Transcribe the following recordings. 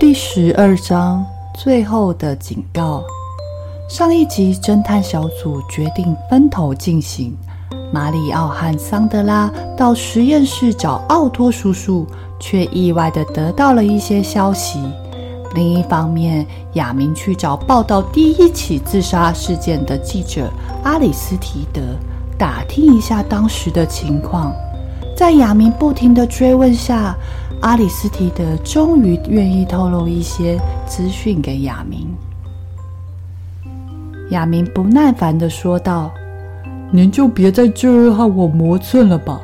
第十二章最後的警告。上一集，偵探小組決定分頭進行。馬里奧和桑德拉到實驗室找奧托叔叔，卻意外地得到了一些消息。另一方面，亞明去找報道第一起自殺事件的記者阿里斯提德，打聽一下當時的情況。在亞明不停地追問下。阿里斯提德終於願意透露一些資訊給亞明。亞明不耐煩的說道：“您就別在這兒和我磨蹭了吧！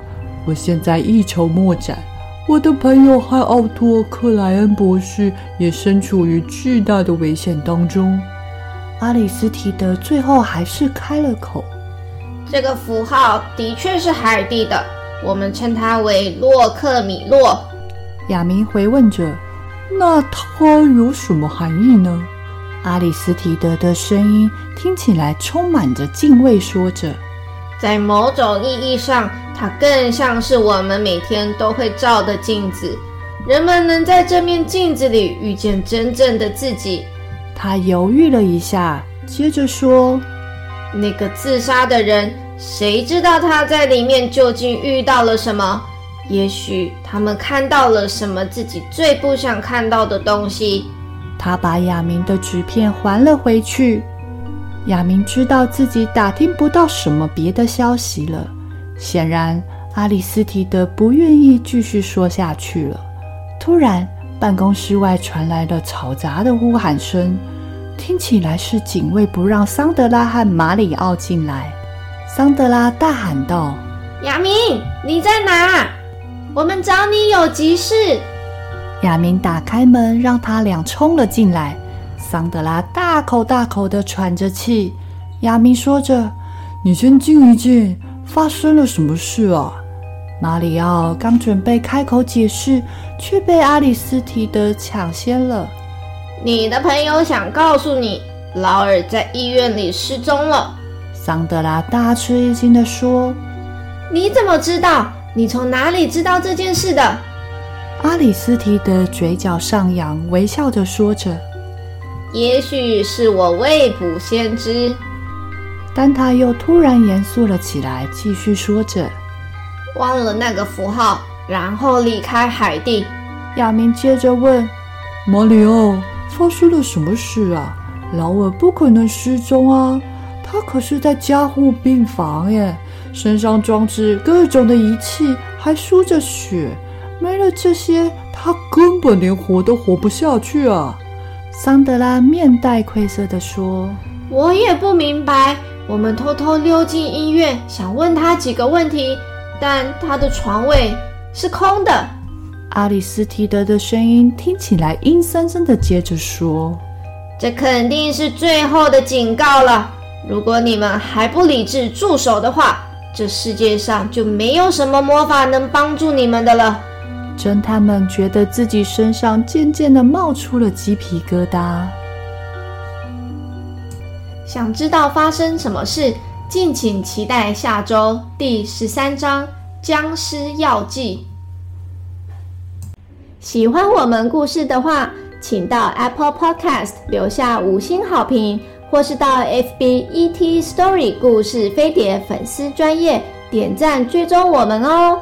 我現在一籌莫展。我的朋友漢奧托·克萊恩博士也身處於巨大的危險當中。”阿里斯提德最後還是開了口：“這個符號的確是海爾蒂的，我們稱它為洛克米洛。”亞明回問着：“那它有什麼含義呢？”阿里斯提德的聲音聽起來充滿着敬畏，說着：“在某種意義上，它更像是我們每天都會照的鏡子。人們能在這面鏡子裡遇見真正的自己。”他猶豫了一下，接着說：“那個自殺的人，誰知道他在裡面究竟遇到了什麼？”也許他們看到了什麼自己最不想看到的東西。他把亞明的紙片還了回去。亞明知道自己打聽不到什麼別的消息了。顯然，阿里斯提德不願意繼續說下去了。突然，辦公室外傳來了嘈雜的呼喊聲，聽起來是警衛不讓桑德拉和馬里奧進來。桑德拉大喊道：“亞明，你在哪？”我們找你有急事。亞明打開門，讓他倆衝了進來。桑德拉大口大口的喘着氣。亞明說着：“你先靜一靜，發生了什麼事啊？”馬里奧剛準備開口解釋，卻被阿里斯提德搶先了：“你的朋友想告訴你，勞爾在醫院裡失蹤了。”桑德拉大吃一驚的說：“你怎麼知道？”你從哪裡知道這件事的？阿里斯提德嘴角上揚，微笑着說着：“也許是我未卜先知。”但他又突然嚴肅了起來，繼續說着：“忘了那個符號，然後離開海地。”亞明接着問：“馬里奧，發生了什麼事啊？勞爾不可能失蹤啊，他可是在加護病房耶。”身上裝置各種的儀器，還輸着血，沒了這些，他根本連活都活不下去啊！桑德拉面帶愧色的說：“我也不明白，我們偷偷溜進醫院，想問他幾個問題，但他的床位是空的。”阿里斯提德的聲音聽起來陰森森的，接着說：“這肯定是最後的警告了，如果你們還不理智，住手的話。”這世界上就沒有什麼魔法能幫助你們的了。偵探們覺得自己身上漸漸的冒出了雞皮疙瘩。想知道發生什麼事？敬請期待下周第十三章《殭屍藥劑》。喜歡我們故事的話，請到 Apple Podcast 留下五星好評。或是到 F B E T Story 故事飛碟粉絲專頁點贊追蹤我們哦。